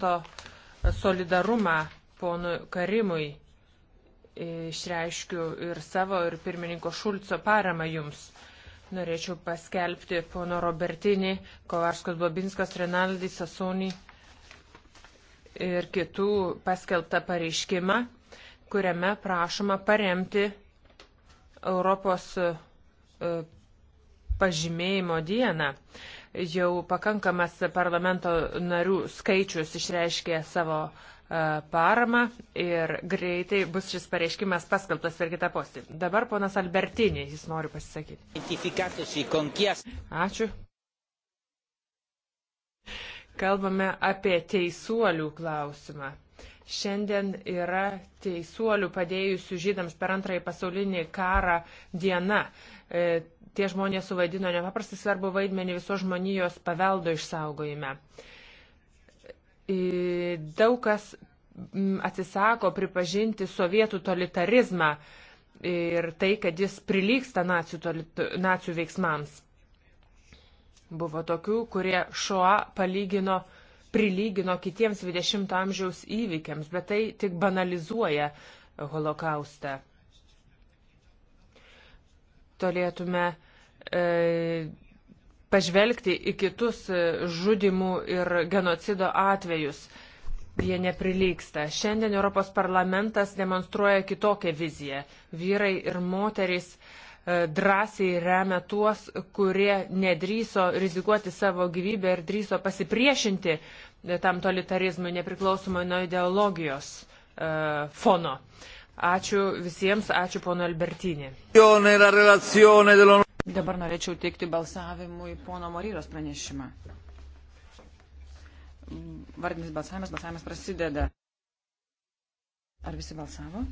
to solidarumą ponui Karimui išreiškiu ir savo, ir pirmininko Šulco paramą jums. Norėčiau paskelbti pono Robertinį, Kovarskos Bobinskas, Renaldį Sasunį ir kitų paskelbtą pareiškimą, kuriame prašoma paremti Europos e, pažymėjimo dieną jau pakankamas parlamento narių skaičius išreiškė savo e, paramą ir greitai bus šis pareiškimas paskaltas per kitą postį. Dabar ponas Albertinė, jis nori pasisakyti. Ačiū. Kalbame apie teisuolių klausimą. Šiandien yra teisuolių padėjusių žydams per antrąjį pasaulinį karą diena. E, tie žmonės suvaidino nepaprastai svarbu vaidmenį viso žmonijos paveldo išsaugojime. Daug kas atsisako pripažinti sovietų totalitarizmą ir tai, kad jis prilyksta nacijų, tolit, nacijų veiksmams. Buvo tokių, kurie šoa palygino, prilygino kitiems 20-ojo amžiaus įvykiams, bet tai tik banalizuoja holokaustą. Tolėtume E, pažvelgti į kitus žudimų ir genocido atvejus. Jie neprilyksta. Šiandien Europos parlamentas demonstruoja kitokią viziją. Vyrai ir moterys e, drąsiai remia tuos, kurie nedryso rizikuoti savo gyvybę ir drįso pasipriešinti e, tam totalitarizmui nepriklausomai nuo ideologijos e, fono. Ačiū visiems, ačiū pono Albertinį. Dabar norėčiau teikti balsavimui pono Moryros pranešimą. Vardinis balsavimas, balsavimas prasideda. Ar visi balsavo?